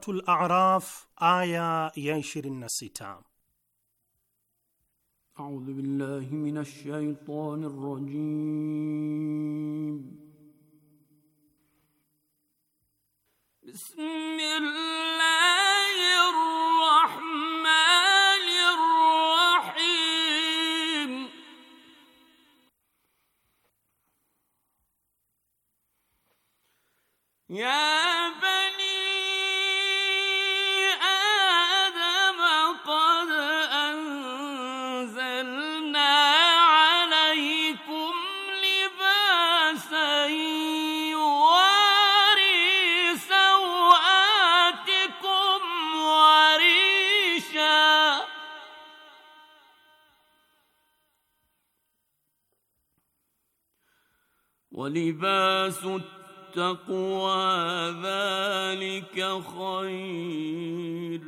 Suratul A'raf aya ya 26. أعوذ بالله من الشيطان الرجيم بسم الله الرحمن الرحيم يا ولباس التقوى ذلك خير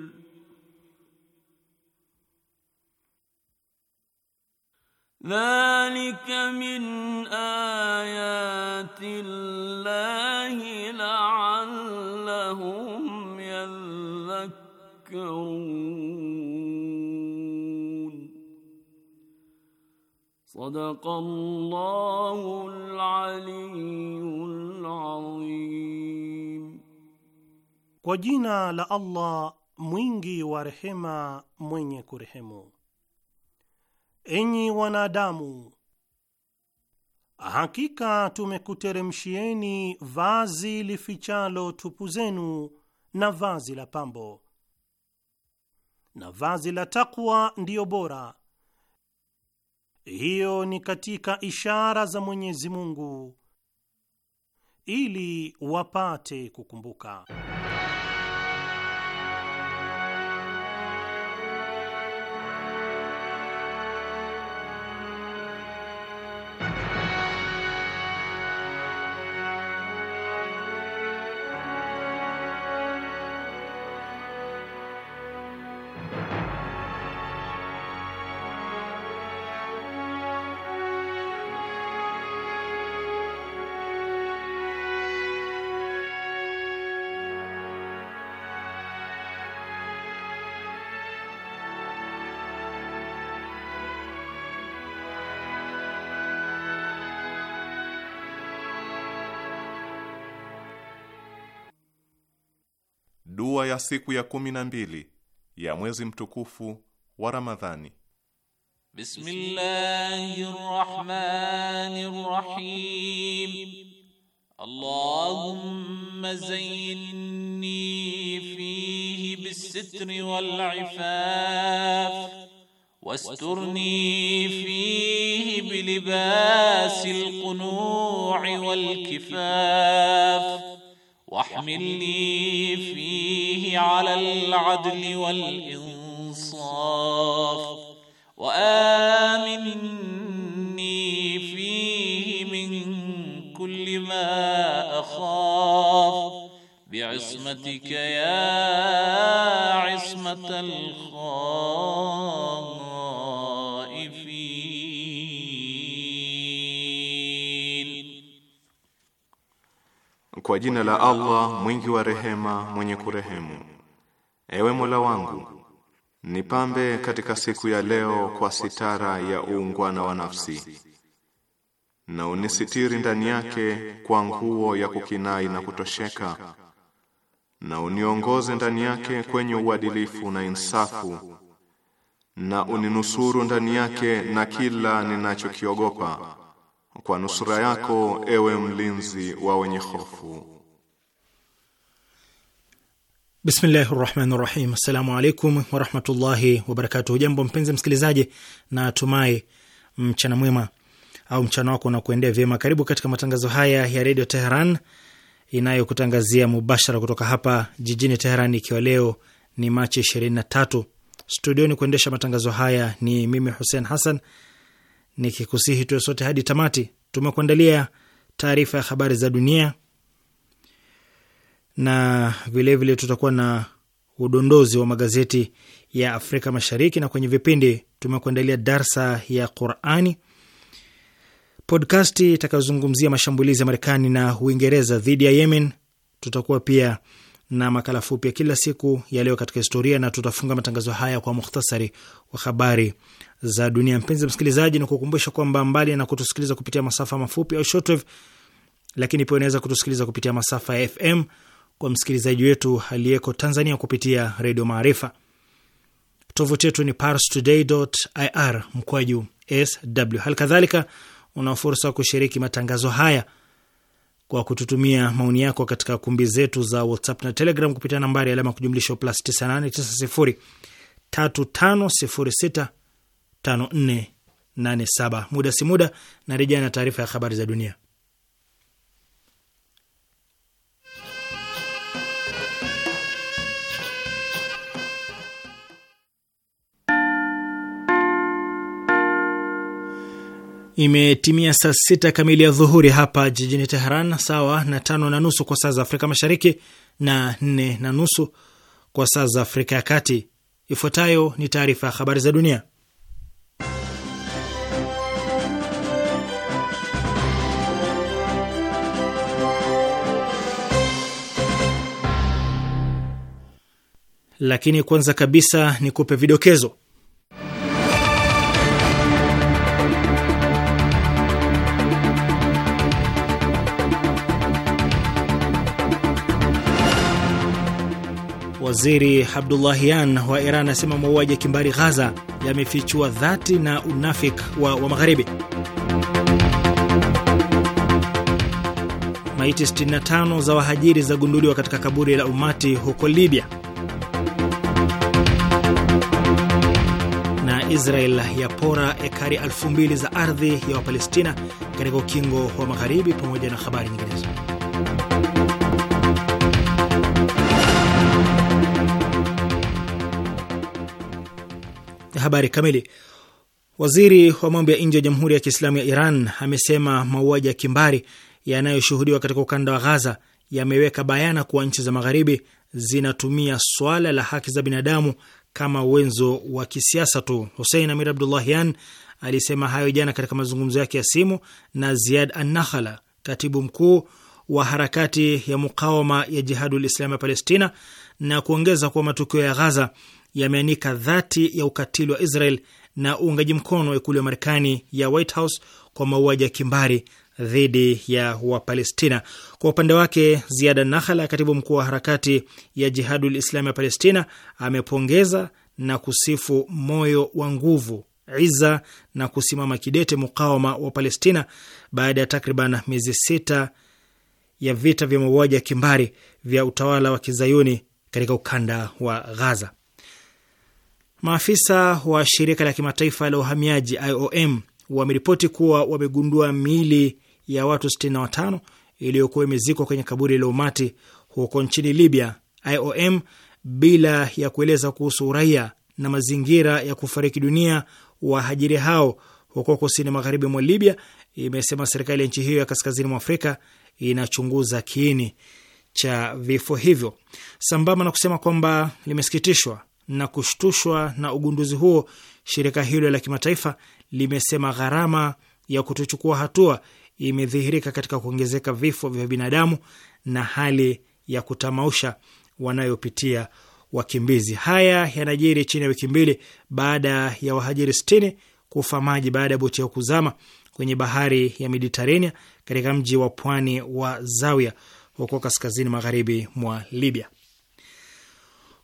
ذلك من ايات الله لعلهم يذكرون صدق الله العلي العظيم Kwa jina la Allah mwingi wa rehema mwenye kurehemu. Enyi wanadamu, hakika tumekuteremshieni vazi lifichalo tupu zenu na vazi la pambo, na vazi la takwa ndiyo bora hiyo ni katika ishara za Mwenyezi Mungu ili wapate kukumbuka. kuwa ya siku ya kumi na mbili ya mwezi mtukufu wa Ramadhani. Bismillahir Rahmanir Rahim. Allahumma zayyinni fihi bis-sitri wal-'ifaf واسترني فيه بلباس القنوع والكفاف واحملني فيه على العدل والإنصاف وآمني فيه من كل ما أخاف بعصمتك يا عصمة الخلق Kwa jina la Allah mwingi wa rehema, mwenye kurehemu. Ewe Mola wangu, nipambe katika siku ya leo kwa sitara ya uungwana wa nafsi, na unisitiri ndani yake kwa nguo ya kukinai na kutosheka, na uniongoze ndani yake kwenye uadilifu na insafu, na uninusuru ndani yake na kila ninachokiogopa kwa nusura yako ewe mlinzi wa wenye hofu. Bismillahir Rahmanir Rahim. Assalamu alaykum wa rahmatullahi wa barakatuh. Jambo mpenzi msikilizaji, na tumai mchana mwema au mchana wako unakuendea vyema. Karibu katika matangazo haya ya Radio Tehran inayokutangazia mubashara kutoka hapa jijini Tehran, ikiwa leo ni Machi 23. Studioni kuendesha matangazo haya ni mimi Hussein Hassan nikikusihi tuwe sote hadi tamati. Tumekuandalia taarifa ya habari za dunia na vilevile vile tutakuwa na udondozi wa magazeti ya Afrika Mashariki, na kwenye vipindi tumekuandalia darsa ya Qurani, podkasti itakayozungumzia mashambulizi ya Marekani na Uingereza dhidi ya Yemen. Tutakuwa pia na makala fupi ya kila siku ya leo katika historia, na tutafunga matangazo haya kwa mukhtasari wa habari za dunia. Mpenzi msikilizaji, na kukumbusha kwamba mbali na kutusikiliza kupitia masafa mafupi au shortwave, lakini pia unaweza kutusikiliza kupitia masafa ya FM kwa msikilizaji wetu aliyeko Tanzania kupitia Redio Maarifa. Tovuti yetu ni parstoday.ir mkwaju sw. Hali kadhalika una fursa ya kushiriki matangazo haya kwa kututumia maoni yako katika kumbi zetu za WhatsApp na Telegram kupitia nambari ya kujumlisha plus 98903506 5487. Muda si muda narejea na taarifa ya habari za dunia. Imetimia saa sita kamili ya dhuhuri hapa jijini Teheran, sawa na tano na nusu kwa saa za Afrika Mashariki na nne na nusu kwa saa za Afrika ya Kati. Ifuatayo ni taarifa ya habari za dunia, lakini kwanza kabisa ni kupe vidokezo. Waziri Abdullahian wa Iran asema mauaji ya kimbari Ghaza yamefichua dhati na unafik wa, wa Magharibi. Maiti 65 za wahajiri za gunduliwa katika kaburi la umati huko Libya. Israel yapora ekari elfu mbili za ardhi ya Wapalestina katika ukingo wa Magharibi, pamoja na habari nyinginezo. Habari kamili. Waziri wa mambo ya nje ya Jamhuri ya Kiislamu ya Iran amesema mauaji ya kimbari yanayoshuhudiwa katika ukanda wa Ghaza yameweka bayana kuwa nchi za Magharibi zinatumia swala la haki za binadamu kama wenzo wa kisiasa tu. Husein Amir Abdullahian alisema hayo jana katika mazungumzo yake ya simu na Ziad Annakhala, katibu mkuu wa harakati ya mukawama ya Jihadul Islam ya Palestina, na kuongeza kuwa matukio ya Ghaza yameanika dhati ya ukatili wa Israel na uungaji mkono wa ikulu ya Marekani ya White House kwa mauaji ya kimbari dhidi ya Wapalestina. Kwa upande wake, Ziada Nahala, katibu mkuu wa harakati ya Jihadul Islami ya Palestina, amepongeza na kusifu moyo wa nguvu, iza na kusimama kidete mukawama wa Palestina baada ya takriban miezi sita ya vita vya mauaji ya kimbari vya utawala wa kizayuni katika ukanda wa Ghaza. Maafisa wa shirika la kimataifa la uhamiaji IOM wameripoti kuwa wamegundua miili ya watu 65 iliyokuwa imezikwa kwenye kaburi la umati huko nchini Libya, IOM bila ya kueleza kuhusu uraia na mazingira ya kufariki dunia wahajiri hao huko kusini magharibi mwa Libya, imesema serikali ya nchi hiyo ya kaskazini mwa Afrika inachunguza kiini cha vifo hivyo, sambamba na kusema kwamba limesikitishwa na kushtushwa na ugunduzi huo. Shirika hilo la kimataifa limesema gharama ya kutochukua hatua imedhihirika katika kuongezeka vifo vya binadamu na hali ya kutamausha wanayopitia wakimbizi. Haya yanajiri chini ya wiki mbili baada ya wahajiri sitini kufa maji baada ya boti yao kuzama kwenye bahari ya Mediterania katika mji wa pwani wa Zawia huko kaskazini magharibi mwa Libya.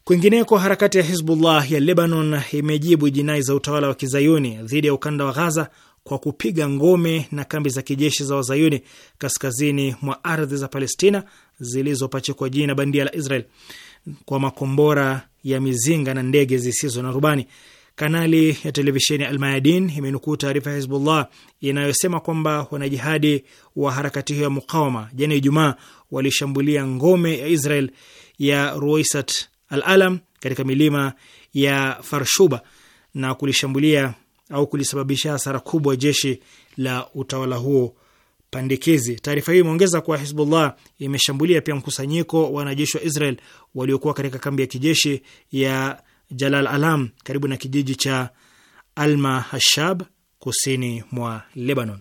Kwingineko, harakati ya Hizbullah ya Lebanon imejibu jinai za utawala wa kizayuni dhidi ya ukanda wa Ghaza kwa kupiga ngome na kambi za kijeshi za wazayuni kaskazini mwa ardhi za Palestina zilizopachikwa jina bandia la Israel kwa makombora ya mizinga na ndege zisizo na rubani. Kanali ya televisheni ya Almayadin imenukuu taarifa ya Hizbullah inayosema kwamba wanajihadi wa harakati hiyo ya mukawama jana Ijumaa walishambulia ngome ya Israel ya Ruwaisat al Alam katika milima ya Farshuba na kulishambulia au kulisababisha hasara kubwa jeshi la utawala huo pandikizi. Taarifa hiyo imeongeza kuwa Hizbullah imeshambulia pia mkusanyiko wa wanajeshi wa Israel waliokuwa katika kambi ya kijeshi ya Jalal Alam karibu na kijiji cha Alma Hashab kusini mwa Lebanon.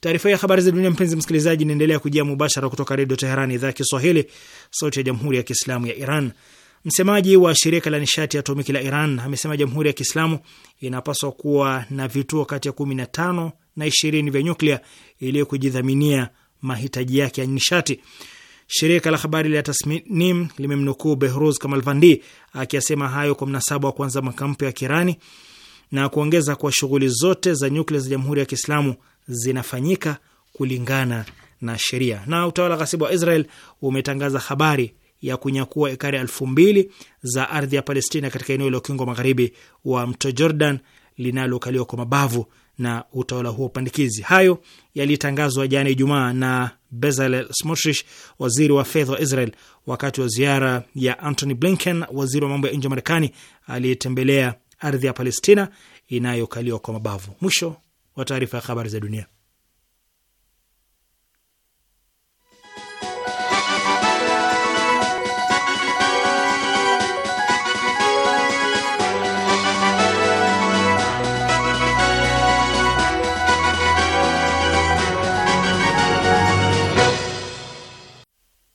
Taarifa ya habari za dunia, mpenzi msikilizaji, inaendelea kujia mubashara kutoka Redio Teherani, idhaa ya Kiswahili, sauti ya jamhuri ya kiislamu ya Iran. Msemaji wa shirika la nishati ya atomiki la Iran amesema jamhuri ya Kiislamu inapaswa kuwa na vituo kati ya kumi na tano na ishirini vya nyuklia ili kujidhaminia mahitaji yake ya nishati. Shirika la habari la Tasnim limemnukuu Behruz Kamalvandi akiasema hayo kwa mnasaba wa kwanza mwaka mpya wa Kirani na kuongeza kuwa shughuli zote za nyuklia za jamhuri ya Kiislamu zinafanyika kulingana na sheria. Na utawala ghasibu wa Israel umetangaza habari ya kunyakua ekari elfu mbili za ardhi ya Palestina katika eneo la ukingo magharibi wa mto Jordan linalokaliwa kwa mabavu na utawala huo upandikizi. Hayo yalitangazwa jana Ijumaa na Bezalel Smotrich, waziri wa fedha wa Israel, wakati wa ziara ya Antony Blinken, waziri wa mambo ya nje wa Marekani, aliyetembelea ardhi ya Palestina inayokaliwa kwa mabavu. Mwisho wa taarifa ya habari za dunia.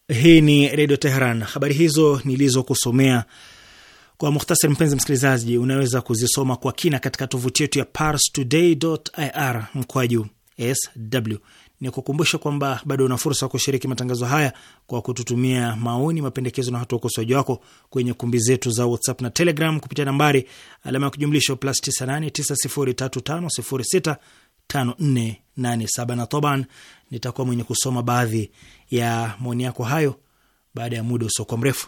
Hii ni Redio Teheran. Habari hizo nilizokusomea kwa muhtasari, mpenzi msikilizaji, unaweza kuzisoma kwa kina katika tovuti yetu ya parstoday.ir mkwaju sw. Ni kukumbusha kwamba bado una fursa ya kushiriki matangazo haya kwa kututumia maoni, mapendekezo na hata ukosoaji wako kwenye kumbi zetu za WhatsApp na Telegram kupitia nambari alama ya kujumlisha plus 98 903506 5487 na toban, nitakuwa mwenye kusoma baadhi ya maoni yako hayo baada ya muda usiokuwa mrefu.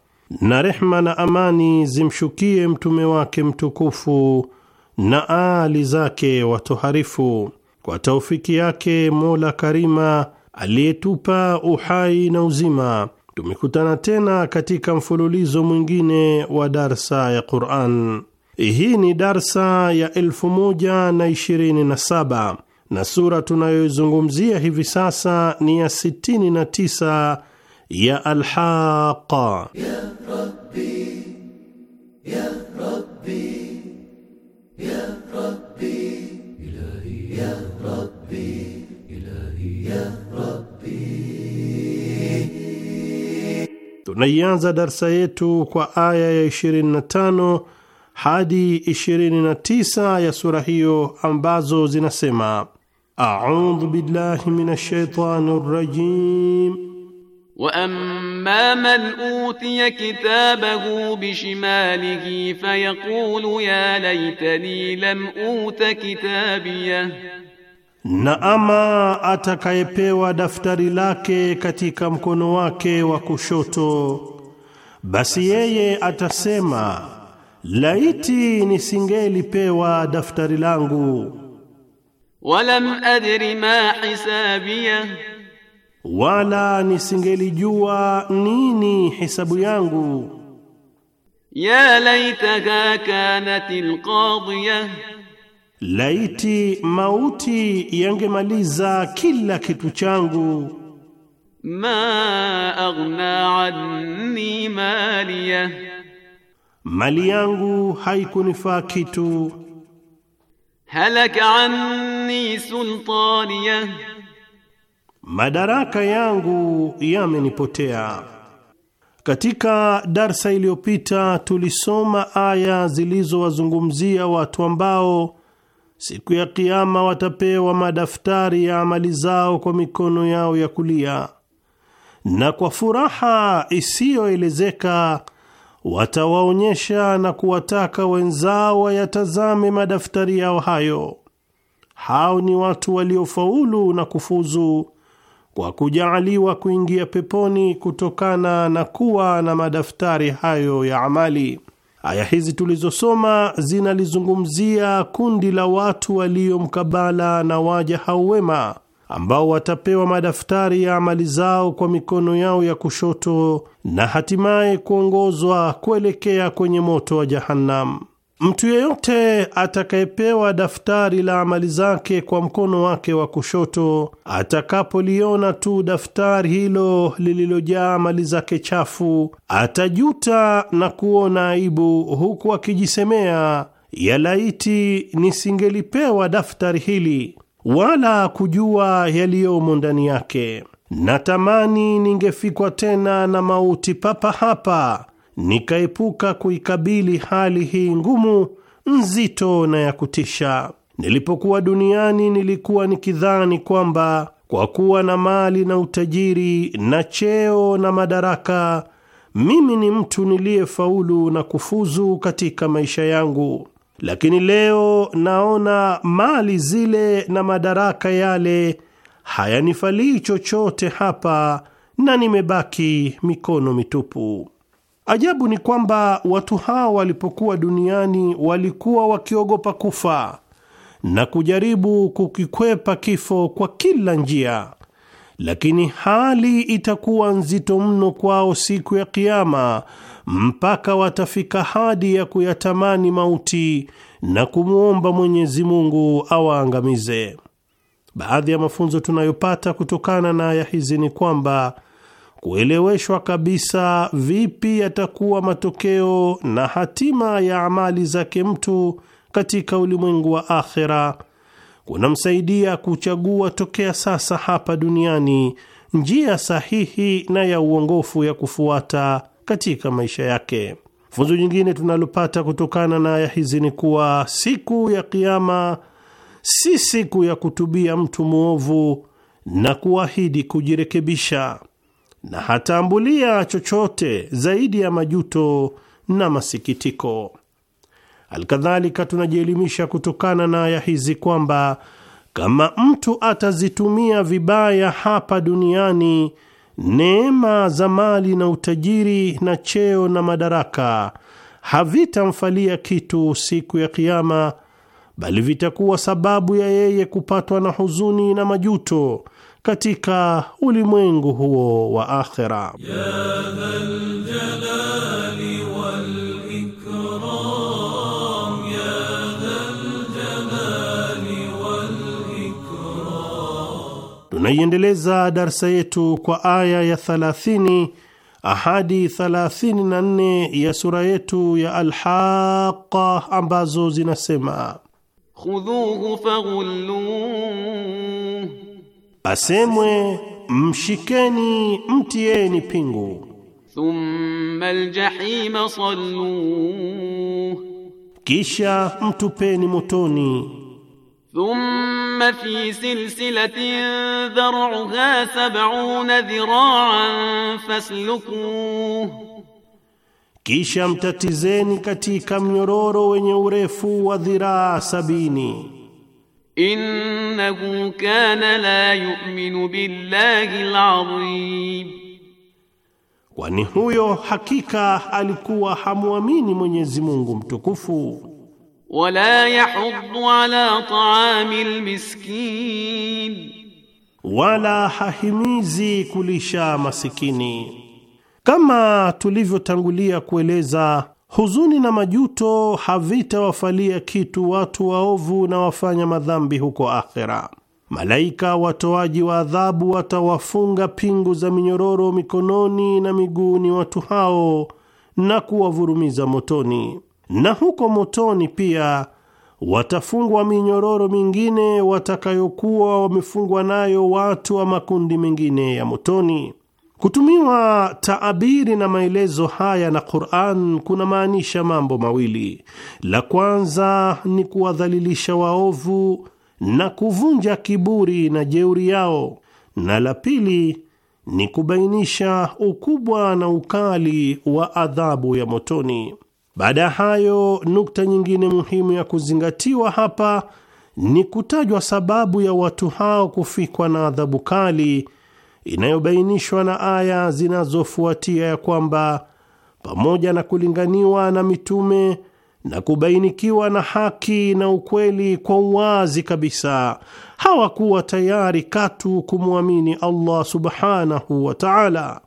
na rehma na amani zimshukie mtume wake mtukufu na aali zake watoharifu. Kwa taufiki yake Mola Karima aliyetupa uhai na uzima, tumekutana tena katika mfululizo mwingine wa darsa ya Quran. Hii ni darsa ya 127 na na na sura tunayoizungumzia hivi sasa ni ya 69 na يا الحاق يا ربي يا ربي يا ربي إلهي يا ربي إلهي يا ربي تنيانز درس يتو كو آية يشيرين نتانو hadi نتيسا يا sura أمبازو ambazo سيما أعوذ بالله من الشيطان الرجيم واما من اوتي كتابه بشماله فيقول يا ليتني لم uta كتابيه na ama atakayepewa daftari lake katika mkono wake wa kushoto basi yeye atasema laiti nisingelipewa daftari langu walam adri ma hisabiyah wala nisingelijua nini hisabu yangu. ya laitaha kanatil qadhiya, laiti mauti yangemaliza kila kitu changu. ma aghna anni maliya, mali yangu haikunifaa kitu. halaka anni sultaniya madaraka yangu yamenipotea. Katika darsa iliyopita tulisoma aya zilizowazungumzia watu ambao siku ya Kiama watapewa madaftari ya amali zao kwa mikono yao ya kulia, na kwa furaha isiyoelezeka watawaonyesha na kuwataka wenzao wayatazame madaftari yao hayo. Hao ni watu waliofaulu na kufuzu wa kujaaliwa kuingia peponi kutokana na kuwa na madaftari hayo ya amali. Aya hizi tulizosoma zinalizungumzia kundi la watu walio mkabala na waja hao wema ambao watapewa madaftari ya amali zao kwa mikono yao ya kushoto na hatimaye kuongozwa kuelekea kwenye moto wa Jahannam. Mtu yeyote atakayepewa daftari la amali zake kwa mkono wake wa kushoto, atakapoliona tu daftari hilo lililojaa amali zake chafu, atajuta na kuona aibu, huku akijisemea, yalaiti nisingelipewa daftari hili, wala kujua yaliyomo ndani yake. Natamani ningefikwa tena na mauti papa hapa nikaepuka kuikabili hali hii ngumu, nzito na ya kutisha. Nilipokuwa duniani nilikuwa nikidhani kwamba kwa kuwa na mali na utajiri na cheo na madaraka, mimi ni mtu niliyefaulu na kufuzu katika maisha yangu, lakini leo naona mali zile na madaraka yale hayanifalii chochote hapa na nimebaki mikono mitupu. Ajabu ni kwamba watu hao walipokuwa duniani walikuwa wakiogopa kufa na kujaribu kukikwepa kifo kwa kila njia, lakini hali itakuwa nzito mno kwao siku ya Kiama mpaka watafika hadi ya kuyatamani mauti na kumwomba Mwenyezi Mungu awaangamize. Baadhi ya mafunzo tunayopata kutokana na aya hizi ni kwamba kueleweshwa kabisa vipi yatakuwa matokeo na hatima ya amali zake mtu katika ulimwengu wa akhera kunamsaidia kuchagua tokea sasa hapa duniani njia sahihi na ya uongofu ya kufuata katika maisha yake. Funzo jingine tunalopata kutokana na aya hizi ni kuwa siku ya Kiama si siku ya kutubia mtu mwovu na kuahidi kujirekebisha na hataambulia chochote zaidi ya majuto na masikitiko. Alkadhalika, tunajielimisha kutokana na aya hizi kwamba kama mtu atazitumia vibaya hapa duniani neema za mali na utajiri na cheo na madaraka, havitamfalia kitu siku ya Kiama, bali vitakuwa sababu ya yeye kupatwa na huzuni na majuto katika ulimwengu huo wa akhera. Tunaiendeleza darsa yetu kwa aya ya 30 ahadi 34 ya sura yetu ya Alhaqa ambazo zinasema khudhuhu asemwe mshikeni mtieni pingu. Thumma aljahima sallu, kisha mtupeni motoni. Thumma fi silsilatin dharuha sab'una dhira'an fasluku, kisha mtatizeni katika mnyororo wenye urefu wa dhiraa sabini innahu kana la yu'minu billahi alazim, kwani huyo hakika alikuwa hamwamini Mwenyezi Mungu mtukufu. Wala yahuddu ala ta'amil miskin, wala hahimizi kulisha masikini. Kama tulivyotangulia kueleza Huzuni na majuto havitawafalia kitu watu waovu na wafanya madhambi huko akhera. Malaika watoaji wa adhabu watawafunga pingu za minyororo mikononi na miguuni watu hao na kuwavurumiza motoni, na huko motoni pia watafungwa minyororo mingine watakayokuwa wamefungwa nayo watu wa makundi mengine ya motoni. Kutumiwa taabiri na maelezo haya na Qur'an kuna maanisha mambo mawili. La kwanza ni kuwadhalilisha waovu na kuvunja kiburi na jeuri yao, na la pili ni kubainisha ukubwa na ukali wa adhabu ya motoni. Baada ya hayo, nukta nyingine muhimu ya kuzingatiwa hapa ni kutajwa sababu ya watu hao kufikwa na adhabu kali inayobainishwa na aya zinazofuatia ya kwamba pamoja na kulinganiwa na mitume na kubainikiwa na haki na ukweli kwa uwazi kabisa, hawakuwa tayari katu kumwamini Allah subhanahu wa ta'ala,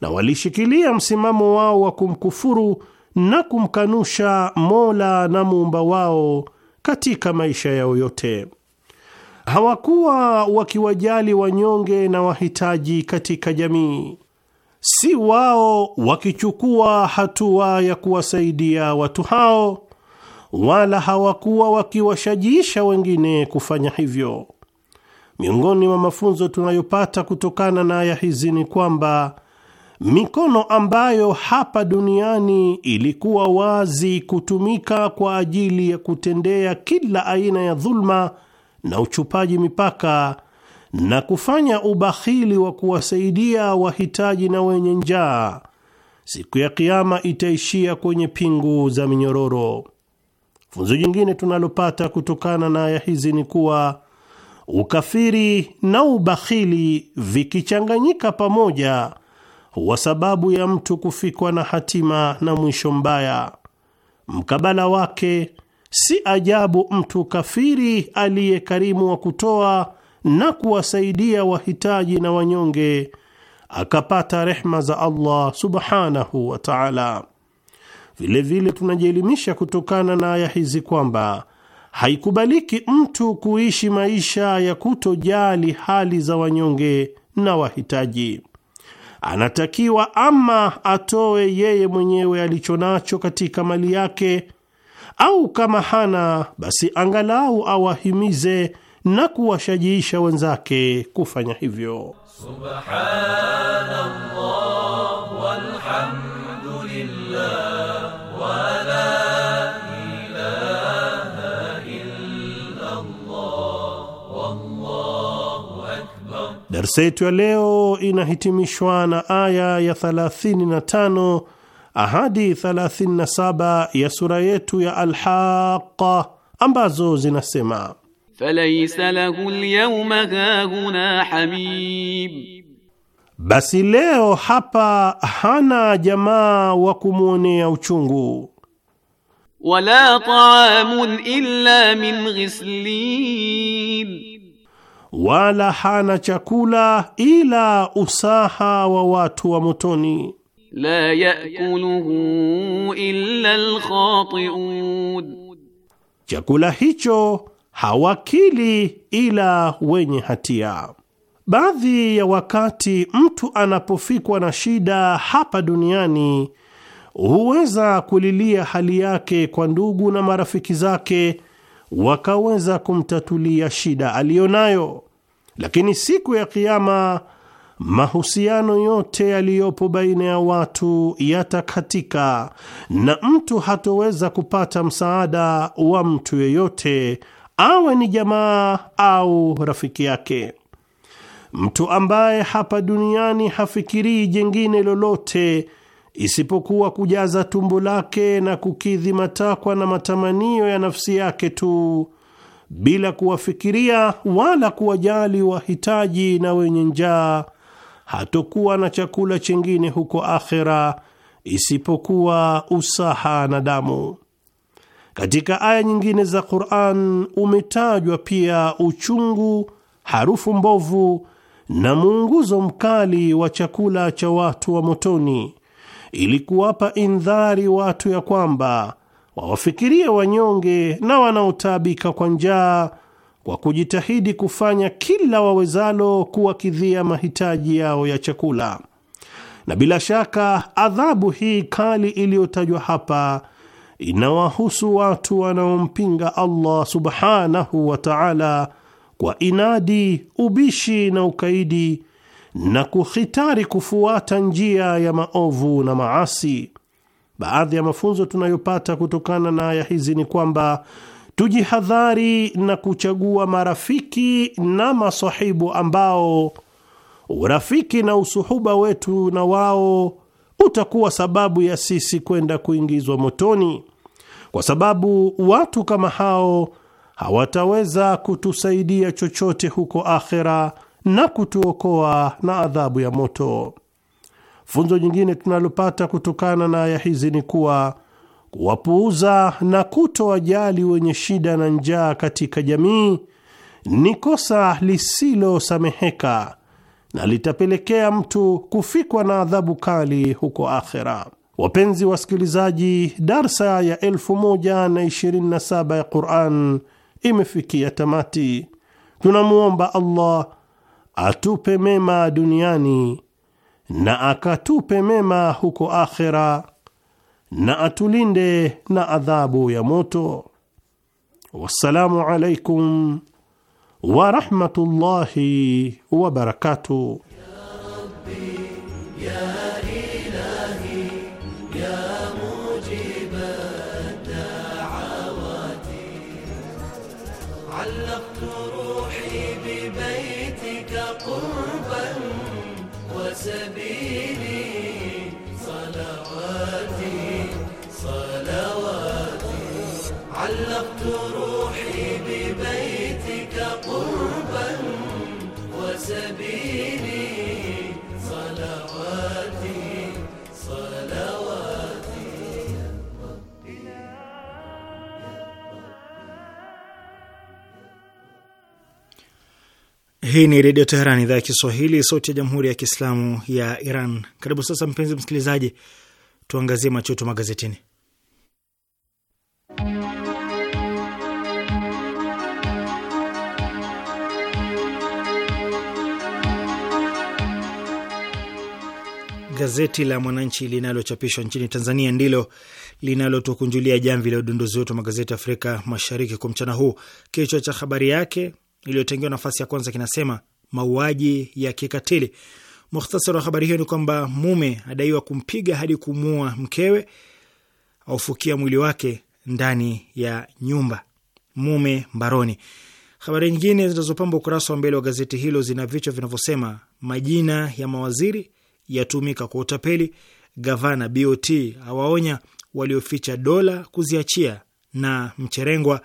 na walishikilia msimamo wao wa kumkufuru na kumkanusha Mola na muumba wao katika maisha yao yote hawakuwa wakiwajali wanyonge na wahitaji katika jamii, si wao wakichukua hatua ya kuwasaidia watu hao, wala hawakuwa wakiwashajiisha wengine kufanya hivyo. Miongoni mwa mafunzo tunayopata kutokana na aya hizi ni kwamba mikono ambayo hapa duniani ilikuwa wazi kutumika kwa ajili ya kutendea kila aina ya dhulma na uchupaji mipaka na kufanya ubakhili wa kuwasaidia wahitaji na wenye njaa, siku ya Kiama itaishia kwenye pingu za minyororo. Funzo jingine tunalopata kutokana na aya hizi ni kuwa ukafiri na ubakhili vikichanganyika pamoja huwa sababu ya mtu kufikwa na hatima na mwisho mbaya. Mkabala wake si ajabu mtu kafiri aliye karimu wa kutoa na kuwasaidia wahitaji na wanyonge akapata rehma za Allah subhanahu wa ta'ala. Vilevile tunajielimisha kutokana na aya hizi kwamba haikubaliki mtu kuishi maisha ya kutojali hali za wanyonge na wahitaji. Anatakiwa ama atoe yeye mwenyewe alicho nacho katika mali yake au kama hana basi angalau awahimize na kuwashajiisha wenzake kufanya hivyo. Subhanallah walhamdulillah. Darsa yetu ya leo inahitimishwa na aya ya 35 ahadi 37 ya sura yetu ya Alhaqa ambazo zinasema falaysa lahu alyawma hahuna hamim, basi leo hapa hana jamaa wa kumwonea uchungu. Wala taamun illa min ghislin, wala hana chakula ila usaha wa watu wa motoni la yakuluhu illa alkhati'un, chakula hicho hawakili ila wenye hatia. Baadhi ya wakati mtu anapofikwa na shida hapa duniani huweza kulilia hali yake kwa ndugu na marafiki zake, wakaweza kumtatulia shida aliyonayo, lakini siku ya Kiama mahusiano yote yaliyopo baina ya watu yatakatika na mtu hatoweza kupata msaada wa mtu yeyote, awe ni jamaa au rafiki yake. Mtu ambaye hapa duniani hafikirii jengine lolote isipokuwa kujaza tumbo lake na kukidhi matakwa na matamanio ya nafsi yake tu bila kuwafikiria wala kuwajali wahitaji na wenye njaa hatokuwa na chakula chengine huko akhera isipokuwa usaha na damu. Katika aya nyingine za Qur'an umetajwa pia uchungu, harufu mbovu na muunguzo mkali wa chakula cha watu wa motoni, ili kuwapa indhari watu ya kwamba wawafikirie wanyonge na wanaotaabika kwa njaa kwa kujitahidi kufanya kila wawezalo kuwakidhia mahitaji yao ya chakula. Na bila shaka adhabu hii kali iliyotajwa hapa inawahusu watu wanaompinga Allah subhanahu wa ta'ala kwa inadi, ubishi na ukaidi na kuhitari kufuata njia ya maovu na maasi. Baadhi ya mafunzo tunayopata kutokana na aya hizi ni kwamba tujihadhari na kuchagua marafiki na masahibu ambao urafiki na usuhuba wetu na wao utakuwa sababu ya sisi kwenda kuingizwa motoni, kwa sababu watu kama hao hawataweza kutusaidia chochote huko akhera na kutuokoa na adhabu ya moto. Funzo nyingine tunalopata kutokana na aya hizi ni kuwa kuwapuuza na kutowajali wenye shida na njaa katika jamii ni kosa lisilosameheka na litapelekea mtu kufikwa na adhabu kali huko akhera. Wapenzi wasikilizaji, darsa ya 1027 ya Quran imefikia tamati. Tunamwomba Allah atupe mema duniani na akatupe mema huko akhera na atulinde na adhabu ya moto. Wassalamu alaikum warahmatullahi wabarakatuh. Hii ni Redio Teheran, idhaa ya Kiswahili, sauti ya Jamhuri ya Kiislamu ya Iran. Karibu sasa, mpenzi msikilizaji, tuangazie machoto magazetini. Gazeti la Mwananchi linalochapishwa nchini Tanzania ndilo linalotukunjulia jamvi la udondozi wetu wa magazeti ya Afrika Mashariki kwa mchana huu. Kichwa cha habari yake iliyotengewa nafasi ya kwanza kinasema mauaji ya kikatili. Mukhtasari wa habari hiyo ni kwamba mume adaiwa kumpiga hadi kumuua mkewe, aufukia mwili wake ndani ya nyumba. Mume mbaroni. Habari nyingine zinazopamba ukurasa wa mbele wa gazeti hilo zina vichwa vinavyosema majina ya mawaziri yatumika kwa utapeli, gavana BOT awaonya walioficha dola kuziachia, na Mcherengwa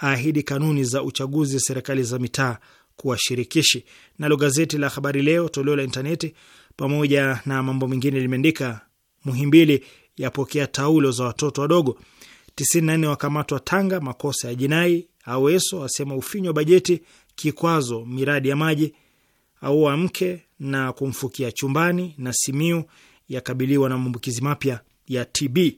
aahidi kanuni za uchaguzi serikali za mitaa kuwa shirikishi. Nalo gazeti la Habari Leo toleo la intaneti, pamoja na mambo mengine, limeandika Muhimbili yapokea taulo za watoto wadogo, 94 wakamatwa Tanga makosa ya jinai, Aweso asema ufinyo wa bajeti kikwazo miradi ya maji, aua mke na kumfukia chumbani, na Simiu yakabiliwa na maambukizi mapya ya TB.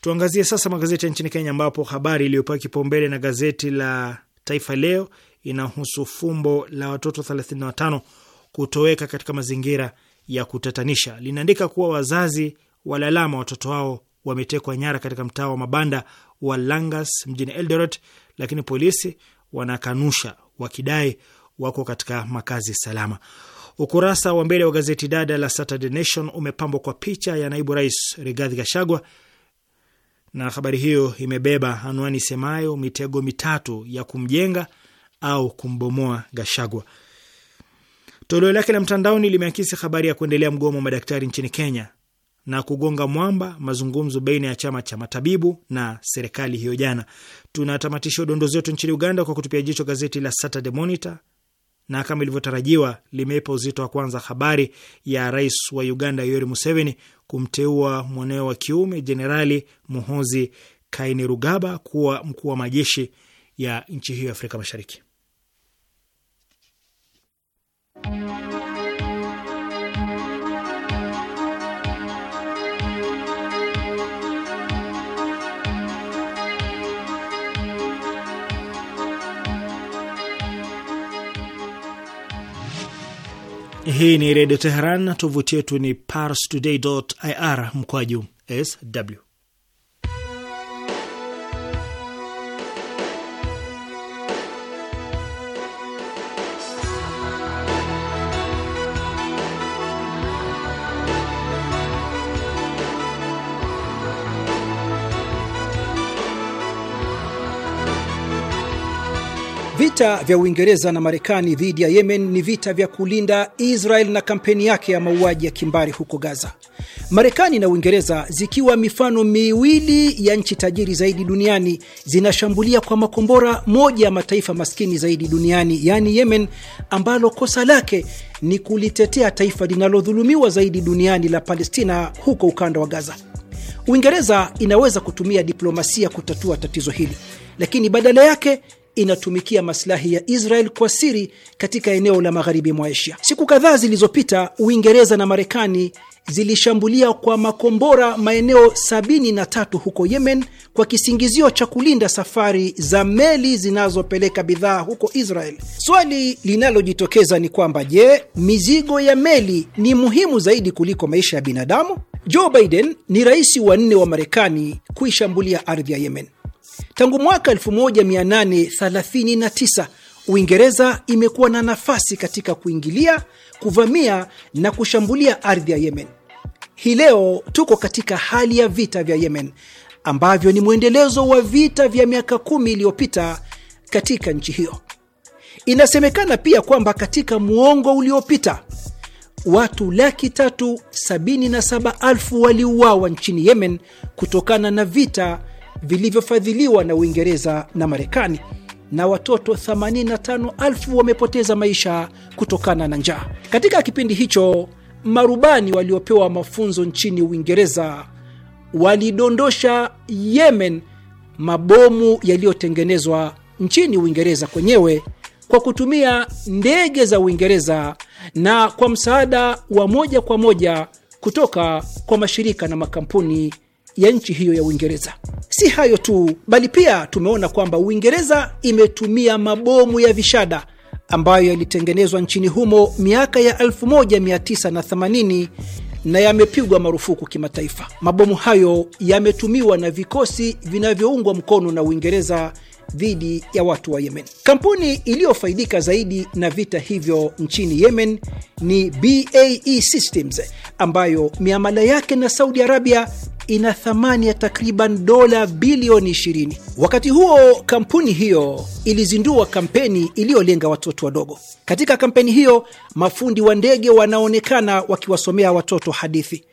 Tuangazie sasa magazeti ya nchini Kenya, ambapo habari iliyopewa kipaumbele na gazeti la Taifa Leo inahusu fumbo la watoto 35 kutoweka katika mazingira ya kutatanisha. Linaandika kuwa wazazi walalama watoto wao wametekwa nyara katika mtaa wa mabanda wa Langas mjini Eldoret, lakini polisi wanakanusha wakidai wako katika makazi salama. Ukurasa wa mbele wa gazeti dada la Saturday Nation umepambwa kwa picha ya naibu rais Rigathi Gachagua na habari hiyo imebeba anwani semayo mitego mitatu ya kumjenga au kumbomoa Gashagwa. Toleo lake la mtandaoni limeakisi habari ya kuendelea mgomo wa madaktari nchini Kenya na kugonga mwamba mazungumzo baina ya chama cha matabibu na serikali hiyo jana. Tunatamatisha udondozi zetu nchini Uganda kwa kutupia jicho gazeti la Saturday Monitor, na kama ilivyotarajiwa limeipa uzito wa kwanza habari ya rais wa Uganda Yoweri Museveni kumteua mwanawe wa kiume Jenerali Muhozi Kainerugaba kuwa mkuu wa majeshi ya nchi hiyo ya Afrika Mashariki. Hii ni Redio Teheran, tovuti yetu ni parstoday.ir mkwaju sw Vita vya Uingereza na Marekani dhidi ya Yemen ni vita vya kulinda Israel na kampeni yake ya mauaji ya kimbari huko Gaza. Marekani na Uingereza zikiwa mifano miwili ya nchi tajiri zaidi duniani zinashambulia kwa makombora moja ya mataifa maskini zaidi duniani, yaani Yemen, ambalo kosa lake ni kulitetea taifa linalodhulumiwa zaidi duniani la Palestina huko ukanda wa Gaza. Uingereza inaweza kutumia diplomasia kutatua tatizo hili, lakini badala yake inatumikia maslahi ya Israel kwa siri katika eneo la magharibi mwa Asia. Siku kadhaa zilizopita, Uingereza na Marekani zilishambulia kwa makombora maeneo 73 huko Yemen kwa kisingizio cha kulinda safari za meli zinazopeleka bidhaa huko Israel. Swali linalojitokeza ni kwamba je, mizigo ya meli ni muhimu zaidi kuliko maisha ya binadamu? Joe Biden ni rais wa nne wa Marekani kuishambulia ardhi ya Yemen. Tangu mwaka 1839 Uingereza imekuwa na nafasi katika kuingilia, kuvamia na kushambulia ardhi ya Yemen. Hii leo tuko katika hali ya vita vya Yemen ambavyo ni mwendelezo wa vita vya miaka kumi iliyopita katika nchi hiyo. Inasemekana pia kwamba katika muongo uliopita watu laki tatu sabini na saba waliuawa nchini Yemen kutokana na vita vilivyofadhiliwa na Uingereza na Marekani na watoto 85,000 wamepoteza maisha kutokana na njaa. Katika kipindi hicho, marubani waliopewa mafunzo nchini Uingereza walidondosha Yemen mabomu yaliyotengenezwa nchini Uingereza kwenyewe kwa kutumia ndege za Uingereza na kwa msaada wa moja kwa moja kutoka kwa mashirika na makampuni ya nchi hiyo ya Uingereza. Si hayo tu, bali pia tumeona kwamba Uingereza imetumia mabomu ya vishada ambayo yalitengenezwa nchini humo miaka ya 1980 na yamepigwa marufuku kimataifa. Mabomu hayo yametumiwa na vikosi vinavyoungwa mkono na Uingereza dhidi ya watu wa Yemen. Kampuni iliyofaidika zaidi na vita hivyo nchini Yemen ni BAE Systems ambayo miamala yake na Saudi Arabia ina thamani ya takriban dola bilioni 20. Wakati huo kampuni hiyo ilizindua kampeni iliyolenga watoto wadogo. Katika kampeni hiyo, mafundi wa ndege wanaonekana wakiwasomea watoto hadithi.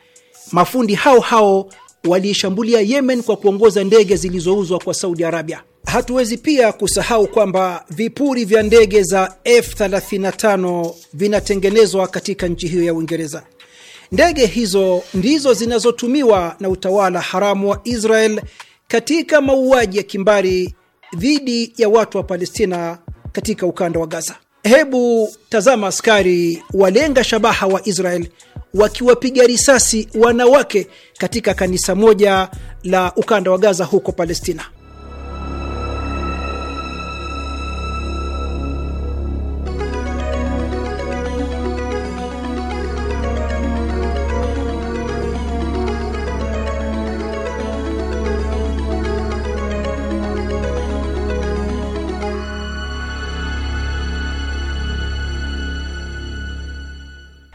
Mafundi hao hao waliishambulia Yemen kwa kuongoza ndege zilizouzwa kwa Saudi Arabia. Hatuwezi pia kusahau kwamba vipuri vya ndege za F35 vinatengenezwa katika nchi hiyo ya Uingereza. Ndege hizo ndizo zinazotumiwa na utawala haramu wa Israel katika mauaji ya kimbari dhidi ya watu wa Palestina katika ukanda wa Gaza. Hebu tazama askari walenga shabaha wa Israel wakiwapiga risasi wanawake katika kanisa moja la ukanda wa Gaza huko Palestina.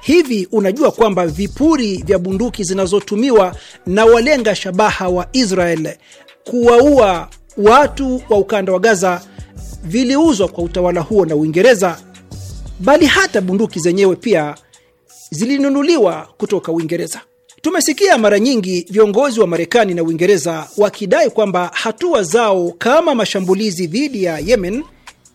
Hivi unajua kwamba vipuri vya bunduki zinazotumiwa na walenga shabaha wa Israel kuwaua watu wa ukanda wa Gaza viliuzwa kwa utawala huo na Uingereza, bali hata bunduki zenyewe pia zilinunuliwa kutoka Uingereza. Tumesikia mara nyingi viongozi wa Marekani na Uingereza wakidai kwamba hatua zao kama mashambulizi dhidi ya Yemen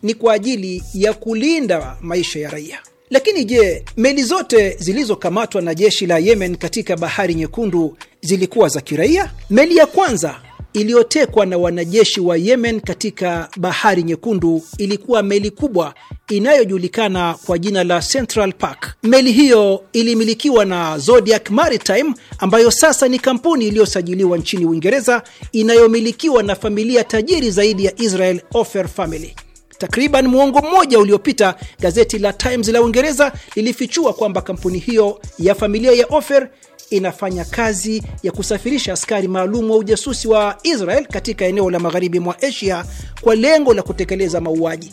ni kwa ajili ya kulinda maisha ya raia. Lakini je, meli zote zilizokamatwa na jeshi la Yemen katika bahari nyekundu zilikuwa za kiraia? Meli ya kwanza iliyotekwa na wanajeshi wa Yemen katika bahari nyekundu ilikuwa meli kubwa inayojulikana kwa jina la Central Park. Meli hiyo ilimilikiwa na Zodiac Maritime ambayo sasa ni kampuni iliyosajiliwa nchini Uingereza inayomilikiwa na familia tajiri zaidi ya Israel, Ofer Family. Takriban muongo mmoja uliopita gazeti la Times la Uingereza lilifichua kwamba kampuni hiyo ya familia ya Ofer inafanya kazi ya kusafirisha askari maalum wa ujasusi wa Israel katika eneo la magharibi mwa Asia kwa lengo la kutekeleza mauaji.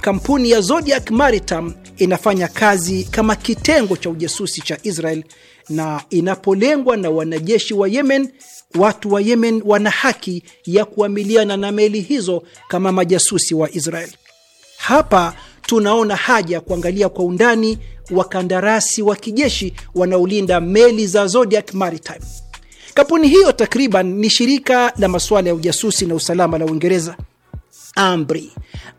Kampuni ya Zodiac Maritime inafanya kazi kama kitengo cha ujasusi cha Israel na inapolengwa na wanajeshi wa Yemen watu wa Yemen wana haki ya kuamiliana na meli hizo kama majasusi wa israel Hapa tunaona haja ya kuangalia kwa undani wakandarasi wa kijeshi wanaolinda meli za Zodiac Maritime. Kampuni hiyo takriban ni shirika la masuala ya ujasusi na usalama la Uingereza amri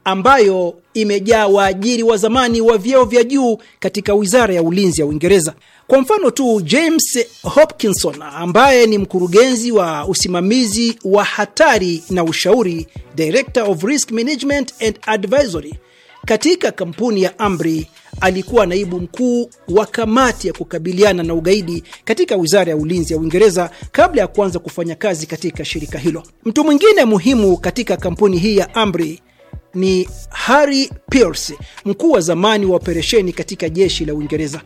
ambayo imejaa waajiri wa zamani wa vyeo vya juu katika wizara ya ulinzi ya Uingereza. Kwa mfano tu, James Hopkinson ambaye ni mkurugenzi wa usimamizi wa hatari na ushauri, Director of Risk Management and Advisory katika kampuni ya Amri alikuwa naibu mkuu wa kamati ya kukabiliana na ugaidi katika wizara ya ulinzi ya Uingereza kabla ya kuanza kufanya kazi katika shirika hilo. Mtu mwingine muhimu katika kampuni hii ya Amri ni Harry Pearce, mkuu wa zamani wa operesheni katika jeshi la Uingereza.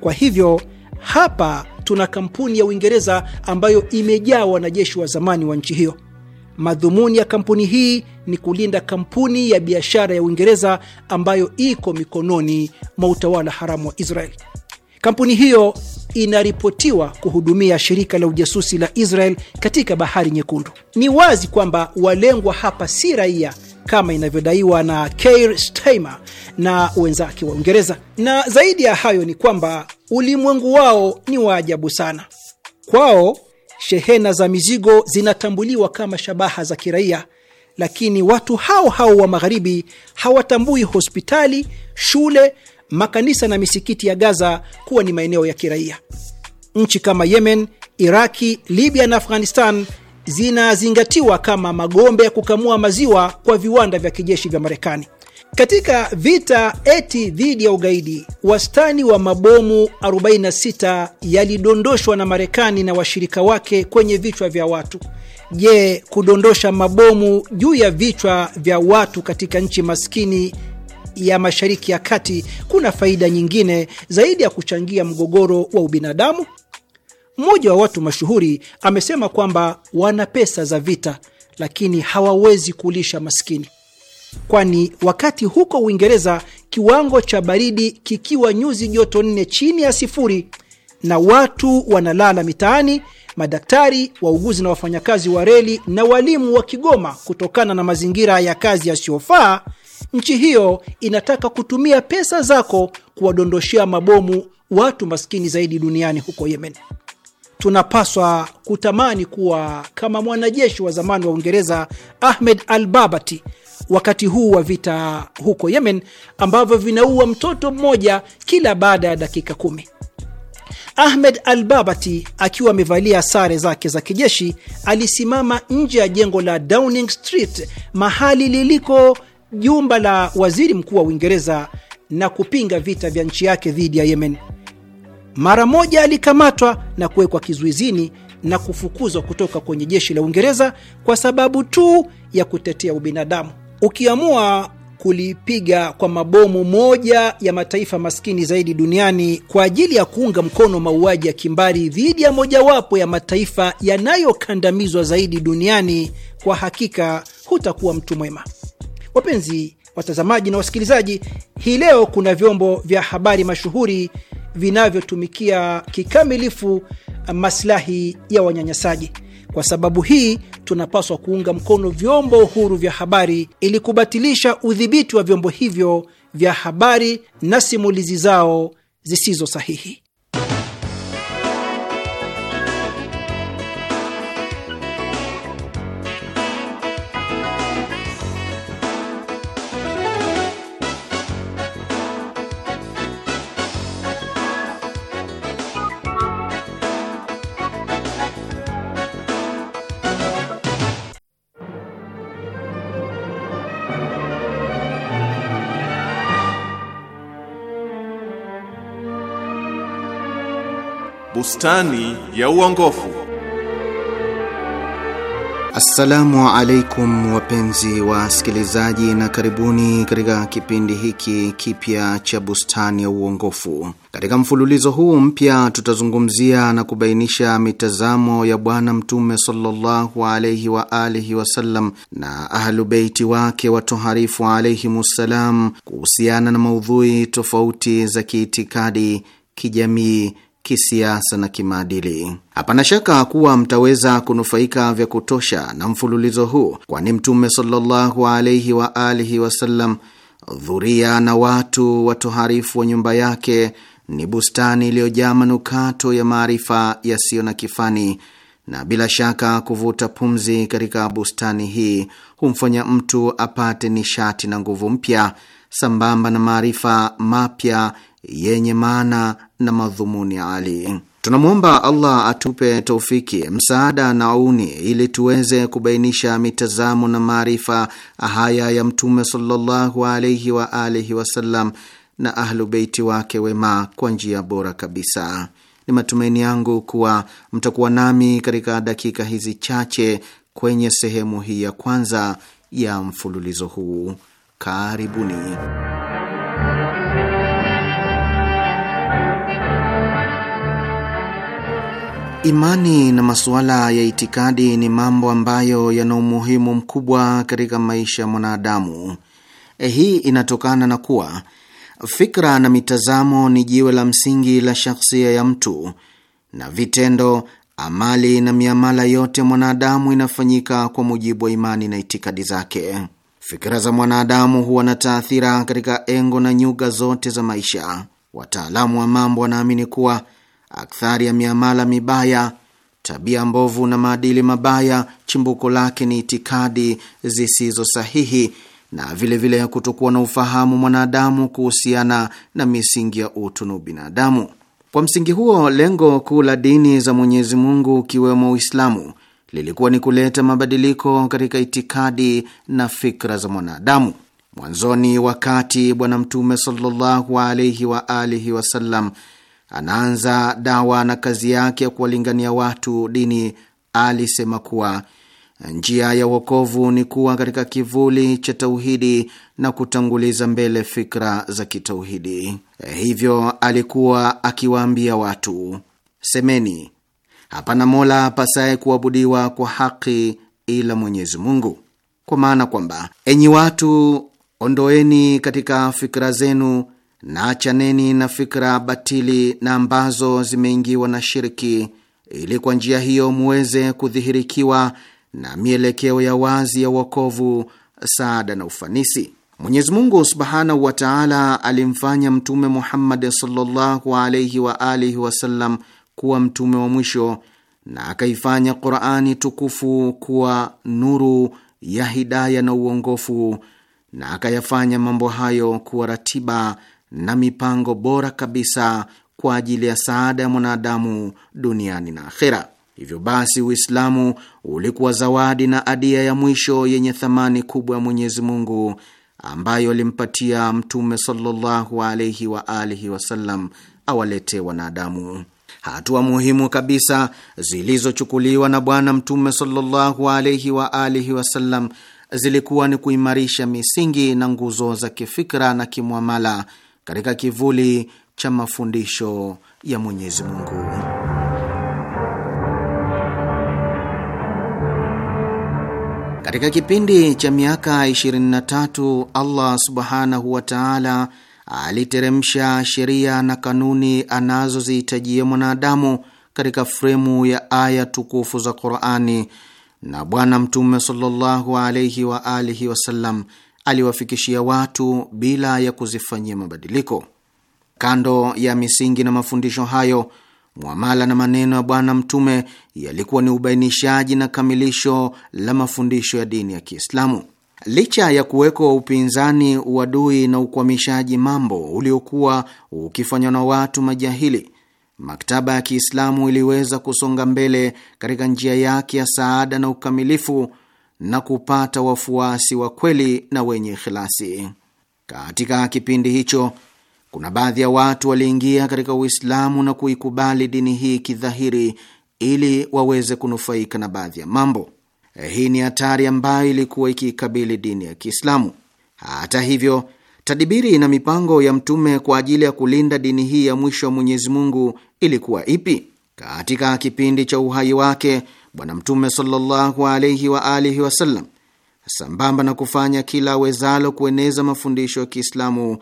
Kwa hivyo hapa tuna kampuni ya Uingereza ambayo imejaa wanajeshi wa zamani wa nchi hiyo. Madhumuni ya kampuni hii ni kulinda kampuni ya biashara ya Uingereza ambayo iko mikononi mwa utawala haramu wa Israel. Kampuni hiyo inaripotiwa kuhudumia shirika la ujasusi la Israel katika Bahari Nyekundu. Ni wazi kwamba walengwa hapa si raia kama inavyodaiwa na Keir Starmer na wenzake wa Uingereza. Na zaidi ya hayo ni kwamba ulimwengu wao ni wa ajabu sana. Kwao shehena za mizigo zinatambuliwa kama shabaha za kiraia, lakini watu hao hao wa magharibi hawatambui hospitali, shule, makanisa na misikiti ya Gaza kuwa ni maeneo ya kiraia. Nchi kama Yemen, Iraki, Libya na Afghanistan zinazingatiwa kama magombe ya kukamua maziwa kwa viwanda vya kijeshi vya Marekani. Katika vita eti dhidi ya ugaidi, wastani wa mabomu 46 yalidondoshwa na Marekani na washirika wake kwenye vichwa vya watu. Je, kudondosha mabomu juu ya vichwa vya watu katika nchi maskini ya Mashariki ya Kati kuna faida nyingine zaidi ya kuchangia mgogoro wa ubinadamu? Mmoja wa watu mashuhuri amesema kwamba wana pesa za vita, lakini hawawezi kulisha maskini kwani wakati huko Uingereza kiwango cha baridi kikiwa nyuzi joto nne chini ya sifuri na watu wanalala mitaani, madaktari, wauguzi na wafanyakazi wa reli na walimu wa Kigoma kutokana na mazingira ya kazi yasiyofaa, nchi hiyo inataka kutumia pesa zako kuwadondoshea mabomu watu maskini zaidi duniani huko Yemen. Tunapaswa kutamani kuwa kama mwanajeshi wa zamani wa Uingereza Ahmed Al Babati wakati huu wa vita huko Yemen ambavyo vinaua mtoto mmoja kila baada ya dakika kumi. Ahmed Al-Babati akiwa amevalia sare zake za kijeshi alisimama nje ya jengo la Downing Street, mahali liliko jumba la waziri mkuu wa Uingereza na kupinga vita vya nchi yake dhidi ya Yemen. Mara moja alikamatwa na kuwekwa kizuizini na kufukuzwa kutoka kwenye jeshi la Uingereza kwa sababu tu ya kutetea ubinadamu. Ukiamua kulipiga kwa mabomu moja ya mataifa maskini zaidi duniani kwa ajili ya kuunga mkono mauaji ya kimbari dhidi ya mojawapo ya mataifa yanayokandamizwa zaidi duniani, kwa hakika hutakuwa mtu mwema. Wapenzi watazamaji na wasikilizaji, hii leo kuna vyombo vya habari mashuhuri vinavyotumikia kikamilifu maslahi ya wanyanyasaji. Kwa sababu hii, tunapaswa kuunga mkono vyombo huru vya habari ili kubatilisha udhibiti wa vyombo hivyo vya habari na simulizi zao zisizo sahihi. bustani ya uongofu. Assalamu alaikum wapenzi wasikilizaji, na karibuni katika kipindi hiki kipya cha bustani ya uongofu. Katika mfululizo huu mpya tutazungumzia na kubainisha mitazamo ya Bwana Mtume sallallahu alaihi wa alihi wasallam na ahlubeiti wake watoharifu alaihimussalam kuhusiana na maudhui tofauti za kiitikadi, kijamii kisiasa na kimaadili. Hapana shaka kuwa mtaweza kunufaika vya kutosha na mfululizo huu, kwani Mtume sallallahu alaihi wa alihi wasallam, dhuria na watu watoharifu wa nyumba yake ni bustani iliyojaa manukato ya maarifa yasiyo na kifani, na bila shaka kuvuta pumzi katika bustani hii humfanya mtu apate nishati na nguvu mpya sambamba na maarifa mapya yenye maana na madhumuni ali. Tunamwomba Allah atupe taufiki, msaada na auni ili tuweze kubainisha mitazamo na maarifa haya ya Mtume sallallahu alaihi wa alihi wasallam na ahlubeiti wake wema kwa njia bora kabisa. Ni matumaini yangu kuwa mtakuwa nami katika dakika hizi chache kwenye sehemu hii ya kwanza ya mfululizo huu. Karibuni. Imani na masuala ya itikadi ni mambo ambayo yana umuhimu mkubwa katika maisha ya mwanadamu. Eh, hii inatokana na kuwa fikra na mitazamo ni jiwe la msingi la shaksia ya mtu, na vitendo, amali na miamala yote mwanadamu inafanyika kwa mujibu wa imani na itikadi zake. Fikra za mwanadamu huwa na taathira katika engo na nyuga zote za maisha. Wataalamu wa mambo wanaamini kuwa Akthari ya miamala mibaya, tabia mbovu na maadili mabaya, chimbuko lake ni itikadi zisizo sahihi na vilevile ya kutokuwa na ufahamu mwanadamu kuhusiana na misingi ya utu na ubinadamu. Kwa msingi huo, lengo kuu la dini za Mwenyezi Mungu ukiwemo Uislamu lilikuwa ni kuleta mabadiliko katika itikadi na fikra za mwanadamu. Mwanzoni, wakati Bwana Mtume sallallahu alaihi wa alihi wasallam anaanza dawa na kazi yake ya kuwalingania watu dini, alisema kuwa njia ya wokovu ni kuwa katika kivuli cha tauhidi na kutanguliza mbele fikra za kitauhidi. Hivyo alikuwa akiwaambia watu, semeni, hapana mola pasaye kuabudiwa kwa haki ila Mwenyezi Mungu, kwa maana kwamba, enyi watu, ondoeni katika fikra zenu na achaneni na fikra batili na ambazo zimeingiwa na shirki, ili kwa njia hiyo muweze kudhihirikiwa na mielekeo ya wazi ya uokovu, saada na ufanisi. Mwenyezi Mungu subhanahu wa taala alimfanya Mtume Muhammad sallallahu alaihi wa alihi wasallam kuwa mtume wa mwisho na akaifanya Qurani tukufu kuwa nuru ya hidaya na uongofu na akayafanya mambo hayo kuwa ratiba na mipango bora kabisa kwa ajili ya saada ya mwanadamu duniani na akhera. Hivyo basi, Uislamu ulikuwa zawadi na adia ya mwisho yenye thamani kubwa ya Mwenyezi Mungu ambayo alimpatia Mtume sallallahu alaihi wa alihi wasallam awalete wanadamu. Hatua muhimu kabisa zilizochukuliwa na Bwana Mtume sallallahu alaihi wa alihi wasallam zilikuwa ni kuimarisha misingi na nguzo za kifikra na kimwamala katika kivuli cha mafundisho ya Mwenyezi Mungu. Katika kipindi cha miaka 23 Allah subhanahu wa taala aliteremsha sheria na kanuni anazozihitajia mwanadamu katika fremu ya aya tukufu za Qurani, na Bwana Mtume sallallahu alaihi wa alihi wasallam aliwafikishia watu bila ya kuzifanyia mabadiliko. Kando ya misingi na mafundisho hayo, mwamala na maneno ya Bwana Mtume yalikuwa ni ubainishaji na kamilisho la mafundisho ya dini ya Kiislamu. Licha ya kuwekwa upinzani, uadui na ukwamishaji mambo uliokuwa ukifanywa na watu majahili, maktaba ya Kiislamu iliweza kusonga mbele katika njia yake ya saada na ukamilifu na kupata wafuasi wa kweli na wenye ikhlasi. Katika kipindi hicho, kuna baadhi ya watu waliingia katika Uislamu na kuikubali dini hii kidhahiri ili waweze kunufaika na baadhi ya mambo. Hii ni hatari ambayo ilikuwa ikiikabili dini ya Kiislamu. Hata hivyo, tadibiri na mipango ya Mtume kwa ajili ya kulinda dini hii ya mwisho wa Mwenyezi Mungu ilikuwa ipi? Katika kipindi cha uhai wake Bwana Mtume sallallahu alaihi wa alihi wasallam, sambamba na kufanya kila awezalo kueneza mafundisho ya Kiislamu,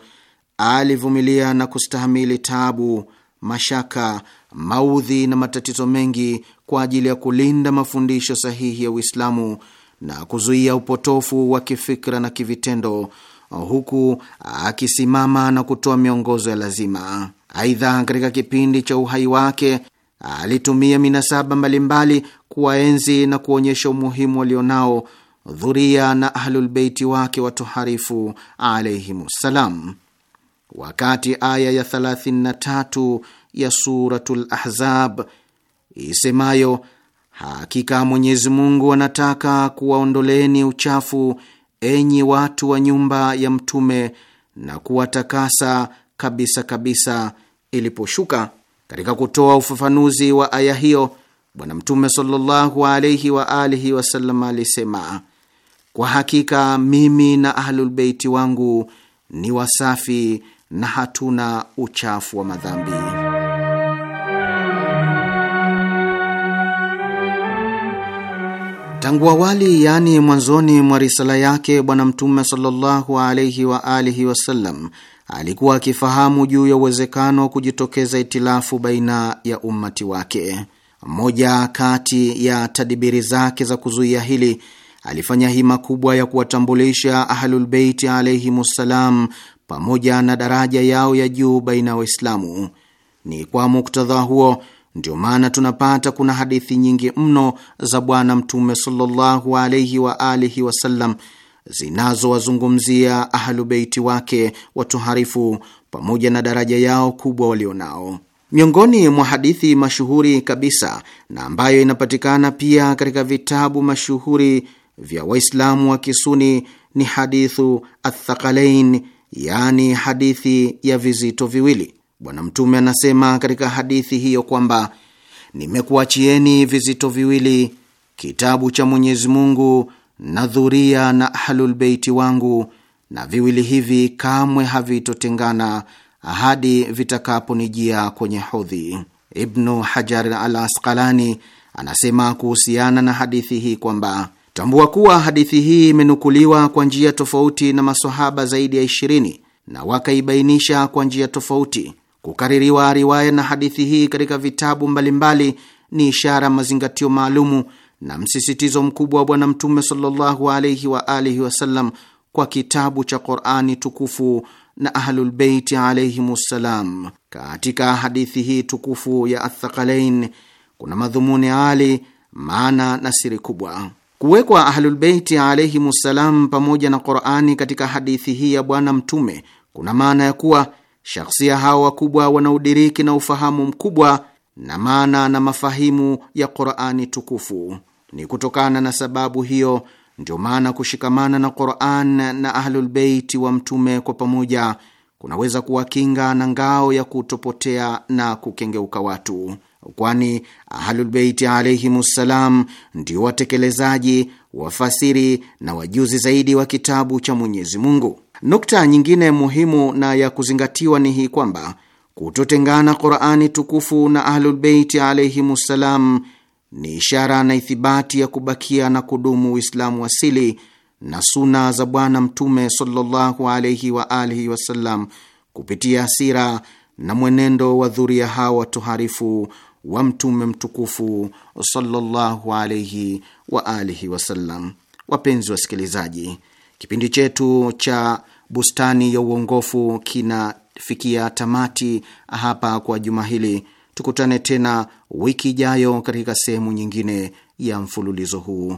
alivumilia na kustahamili tabu mashaka, maudhi na matatizo mengi kwa ajili ya kulinda mafundisho sahihi ya Uislamu na kuzuia upotofu wa kifikra na kivitendo huku akisimama na kutoa miongozo ya lazima. Aidha, katika kipindi cha uhai wake alitumia minasaba mbalimbali kuwaenzi na kuonyesha umuhimu walionao dhuria na Ahlulbeiti wake watoharifu alaihimussalam. Wakati aya ya 33 ya Suratul Ahzab isemayo hakika Mwenyezi Mungu anataka kuwaondoleni uchafu enyi watu wa nyumba ya Mtume na kuwatakasa kabisa kabisa iliposhuka katika kutoa ufafanuzi wa aya hiyo, Bwana Mtume sallallahu alaihi wa alihi wasallam alisema, kwa hakika mimi na Ahlulbeiti wangu ni wasafi na hatuna uchafu wa madhambi. Tangu awali, yaani mwanzoni mwa risala yake, Bwana Mtume sallallahu alaihi wa alihi wasallam alikuwa akifahamu juu ya uwezekano wa kujitokeza itilafu baina ya ummati wake. Moja kati ya tadibiri zake za kuzuia hili, alifanya hima kubwa ya kuwatambulisha Ahlulbeiti ssalam pamoja na daraja yao ya juu baina ya Waislamu. Ni kwa muktadha huo ndio maana tunapata kuna hadithi nyingi mno za Bwana Mtume sallallahu alaihi wa alihi wasallam zinazowazungumzia Ahlubeiti wake watoharifu pamoja na daraja yao kubwa walionao. Miongoni mwa hadithi mashuhuri kabisa na ambayo inapatikana pia katika vitabu mashuhuri vya Waislamu wa Kisuni ni hadithu Athakalain, yani hadithi ya vizito viwili. Bwana Mtume anasema katika hadithi hiyo kwamba nimekuachieni vizito viwili, kitabu cha Mwenyezi Mungu na dhuria na ahlulbeiti wangu, na viwili hivi kamwe havitotengana hadi vitakaponijia kwenye hodhi. Ibnu Hajar al Asqalani anasema kuhusiana na hadithi hii kwamba tambua kuwa hadithi hii imenukuliwa kwa njia tofauti na masahaba zaidi ya ishirini na wakaibainisha kwa njia tofauti. Kukaririwa riwaya na hadithi hii katika vitabu mbalimbali ni ishara mazingatio maalumu na msisitizo mkubwa wa Bwana Mtume sallallahu alaihi wa alihi wasallam kwa kitabu cha Qurani tukufu na Ahlulbeiti wassalam. Katika hadithi hii tukufu ya Athaqalain kuna madhumuni ali, maana na siri kubwa. Kuwekwa Ahlulbeiti wassalam pamoja na Qurani katika hadithi hii ya Bwana Mtume kuna maana ya kuwa shakhsia hao wakubwa wanaudiriki na ufahamu mkubwa na maana na mafahimu ya Qurani tukufu. Ni kutokana na sababu hiyo ndio maana kushikamana na Quran na Ahlulbeiti wa Mtume kwa pamoja kunaweza kuwakinga na ngao ya kutopotea na kukengeuka watu, kwani Ahlulbeiti alaihimussalam ndio watekelezaji, wafasiri na wajuzi zaidi wa kitabu cha Mwenyezi Mungu. Nukta nyingine muhimu na ya kuzingatiwa ni hii kwamba kutotengana Qurani tukufu na Ahlulbeiti alaihimussalam ni ishara na ithibati ya kubakia na kudumu Uislamu asili na suna za Bwana Mtume sallallahu alaihi wa alihi wasallam kupitia asira na mwenendo wa dhuria hawa watuharifu wa Mtume mtukufu sallallahu alaihi wa alihi wasallam. Wapenzi wasikilizaji, kipindi chetu cha Bustani ya Uongofu kinafikia tamati hapa kwa juma hili Tukutane tena wiki ijayo katika sehemu nyingine ya mfululizo huu.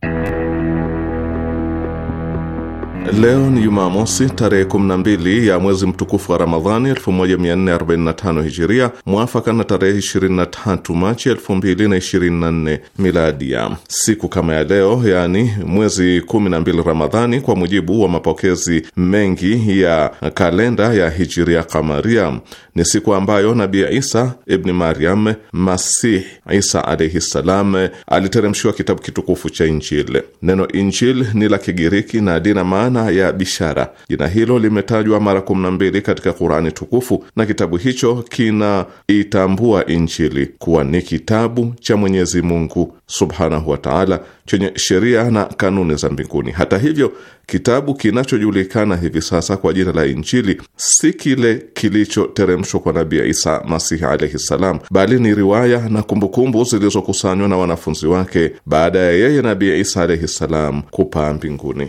Leo ni jumaa mosi tarehe 12 ya mwezi mtukufu wa Ramadhani 1445 Hijiria, mwafaka na tarehe 23 Machi 2024 Miladia. Siku kama ya leo, yaani mwezi 12 Ramadhani, kwa mujibu wa mapokezi mengi ya kalenda ya Hijiria Kamaria, ni siku ambayo Nabii Isa ibni Maryam Masih Isa alaihi ssalam aliteremshiwa kitabu kitukufu cha Injili. Neno Injili ni la Kigiriki na lina maana maana ya bishara. Jina hilo limetajwa mara kumi na mbili katika Kurani tukufu na kitabu hicho kinaitambua Injili kuwa ni kitabu cha Mwenyezi Mungu subhanahu wa taala chenye sheria na kanuni za mbinguni. Hata hivyo, kitabu kinachojulikana hivi sasa kwa jina la Injili si kile kilichoteremshwa kwa Nabii Isa Masihi alaihi ssalam, bali ni riwaya na kumbukumbu zilizokusanywa na wanafunzi wake baada ya yeye Nabii Isa alaihi ssalam kupaa mbinguni.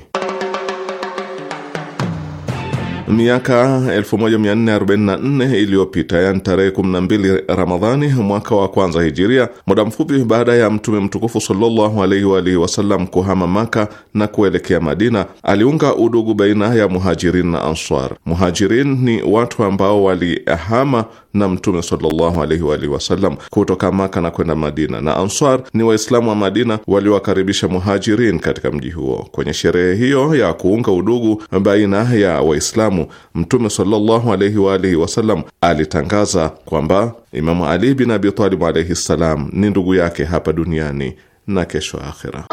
Miaka 1444 iliyopita, yani tarehe 12 Ramadhani mwaka wa kwanza hijiria, muda mfupi baada ya Mtume mtukufu sallallahu alaihi wa alihi wasallam kuhama Maka na kuelekea Madina, aliunga udugu baina ya Muhajirin na Answar. Muhajirin ni watu ambao walihama na Mtume sallallahu alaihi wa alihi wasallam kutoka Maka na kwenda Madina, na Ansar ni Waislamu wa Madina waliowakaribisha Muhajirin katika mji huo. Kwenye sherehe hiyo ya kuunga udugu baina ya Waislamu, Mtume sallallahu alaihi wa alihi wasallam alitangaza kwamba Imamu Ali bin Abi Talib alaihi ssalam ni ndugu yake hapa duniani na kesho akhira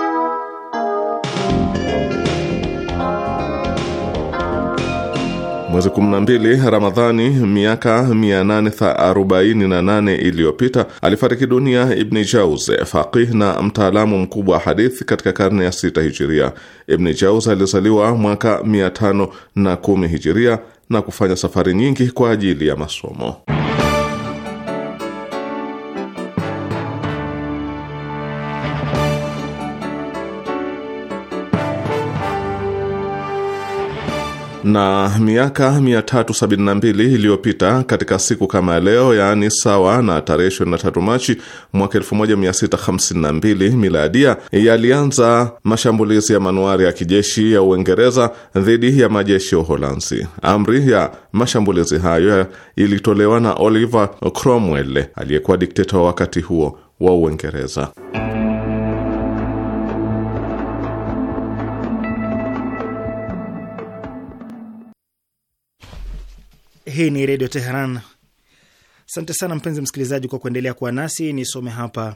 Mwezi 12 Ramadhani miaka 848 iliyopita alifariki dunia Ibni Jauz, faqih na mtaalamu mkubwa wa hadithi katika karne ya sita hijiria. Ibni Jauz alizaliwa mwaka 510 hijiria na kufanya safari nyingi kwa ajili ya masomo. na miaka 372 iliyopita katika siku kama leo, yaani sawa na tarehe 23 Machi mwaka 1652 miladia, yalianza mashambulizi ya manuari ya kijeshi ya Uingereza dhidi ya majeshi ya Uholanzi. Amri ya mashambulizi hayo ilitolewa na Oliver Cromwell aliyekuwa dikteta wa wakati huo wa Uingereza. Hii ni Redio Teheran. Asante sana mpenzi msikilizaji kwa kuendelea kuwa nasi. Nisome hapa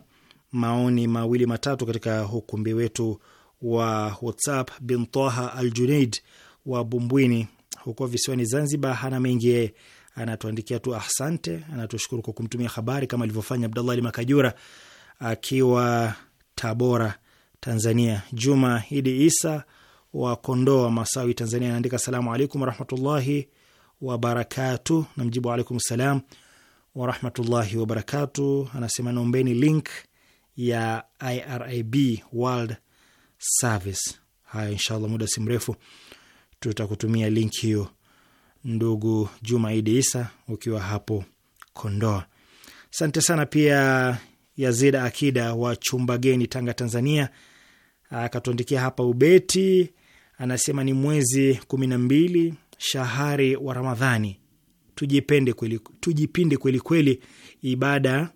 maoni mawili matatu katika ukumbi wetu wa WhatsApp. Bin Toha Al Junaid wa Bumbwini huko visiwani Zanzibar hana mengi yeye, anatuandikia tu asante, anatushukuru kwa kumtumia habari kama alivyofanya Abdallah Ali Makajura akiwa Tabora, Tanzania. Juma Idi Isa wa Kondoa Masawi, Tanzania, anaandika salamu alaikum warahmatullahi wabarakatu. Na mjibu alaikum salam warahmatullahi wabarakatu. Anasema naombeni link ya IRIB World Service. Haya, inshallah muda si mrefu tutakutumia link hiyo, ndugu Juma Idi Isa, ukiwa hapo Kondoa. Asante sana pia Yazida Akida wa chumba geni Tanga, Tanzania, akatuandikia hapa ubeti, anasema ni mwezi kumi na mbili shahari wa Ramadhani, tujipende kweli, tujipinde kweli kweli ibada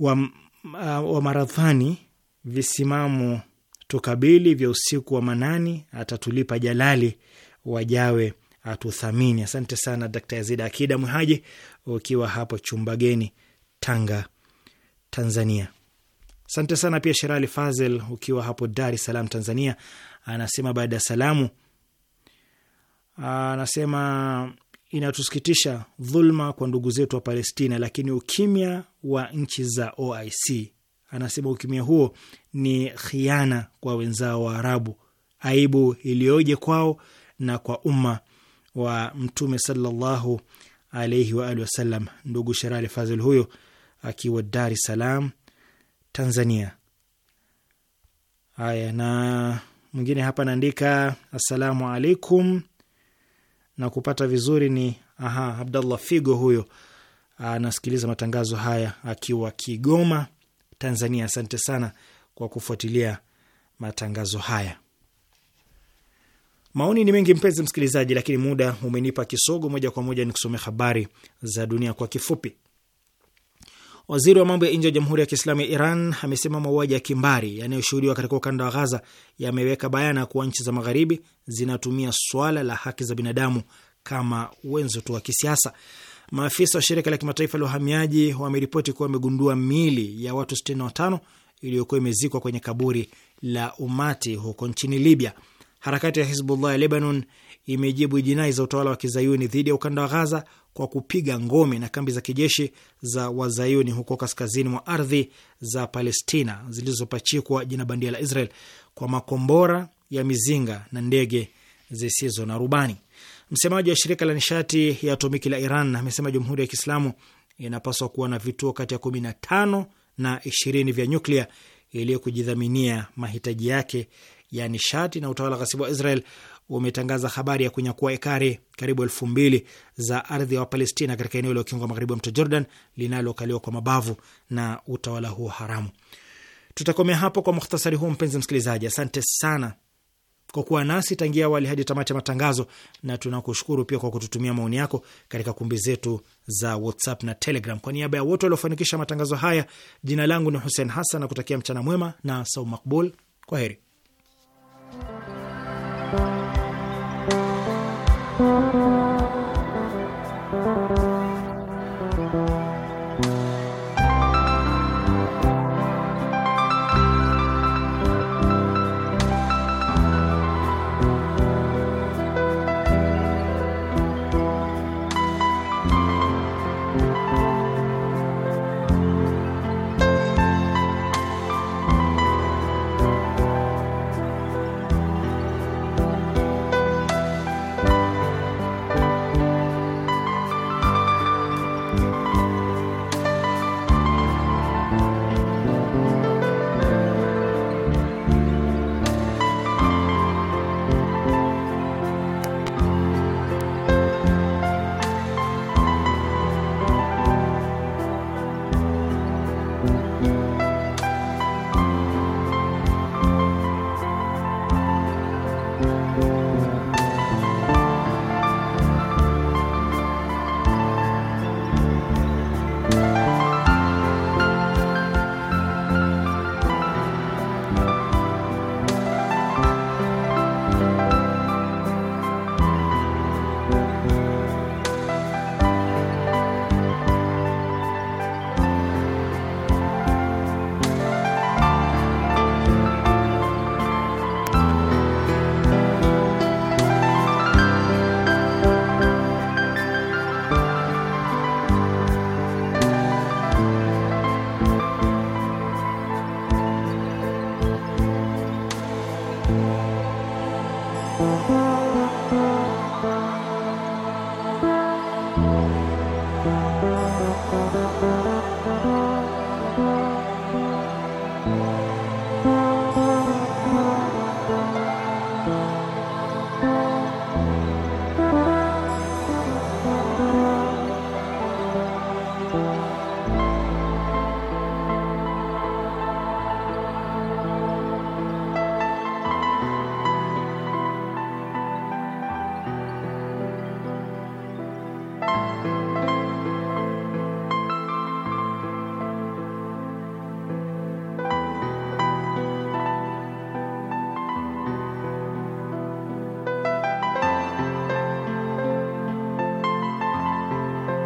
wa, uh, wa maradhani visimamo tukabili vya usiku wa manani, atatulipa jalali wajawe atuthamini. Asante sana Dakta Yazid Akida Mwihaji, ukiwa hapo Chumbageni, Tanga, Tanzania. Asante sana pia Sherali Fazel, ukiwa hapo Dar es Salaam, Tanzania, anasema baada ya salamu anasema inatusikitisha dhulma kwa ndugu zetu wa Palestina, lakini ukimya wa nchi za OIC, anasema ukimya huo ni khiana kwa wenzao wa Arabu, aibu iliyoje kwao na kwa umma wa Mtume sallallahu alaihi wa alihi wasallam. Ndugu Sherali Fazil huyo akiwa Dar es Salaam, Tanzania. Haya, na mwingine hapa anaandika assalamu alaikum na kupata vizuri ni aha, Abdallah Figo huyo anasikiliza matangazo haya akiwa Kigoma, Tanzania. Asante sana kwa kufuatilia matangazo haya. Maoni ni mengi mpenzi msikilizaji, lakini muda umenipa kisogo. Moja kwa moja ni kusomea habari za dunia kwa kifupi. Waziri wa mambo ya nje wa Jamhuri ya Kiislamu ya Iran amesema mauaji ya kimbari yanayoshuhudiwa katika ukanda wa Ghaza yameweka bayana kuwa nchi za Magharibi zinatumia swala la haki za binadamu kama wenzo tu wa kisiasa. Maafisa wa shirika la kimataifa la uhamiaji wameripoti kuwa wamegundua miili ya watu 65 iliyokuwa imezikwa kwenye kaburi la umati huko nchini Libya. Harakati ya Hizbullah ya Lebanon imejibu jinai za utawala wa kizayuni dhidi ya ukanda wa Ghaza kwa kupiga ngome na kambi za kijeshi za wazayuni huko kaskazini mwa ardhi za Palestina zilizopachikwa jina bandia la Israel kwa makombora ya mizinga na ndege zisizo na rubani. Msemaji wa shirika la nishati ya atomiki la Iran amesema Jamhuri ya Kiislamu inapaswa kuwa na vituo kati ya kumi na ishirini vya nyuklia ili kujidhaminia mahitaji yake ya nishati na utawala ghasibu wa Israel umetangaza habari ya kunyakua ekari karibu elfu mbili za ardhi ya Wapalestina katika eneo la ukingo wa magharibi wa mto Jordan linalokaliwa kwa mabavu na utawala huo haramu. Tutakomea hapo kwa muhtasari huu, mpenzi msikilizaji. Asante sana kwa kuwa nasi tangia awali hadi tamati ya matangazo, na tunakushukuru pia kwa kututumia maoni yako katika kumbi zetu za WhatsApp na Telegram. Kwa niaba ya wote waliofanikisha matangazo haya, jina langu ni Hussein Hassan na kutakia mchana mwema na saum makbul. Kwa heri. Thank you.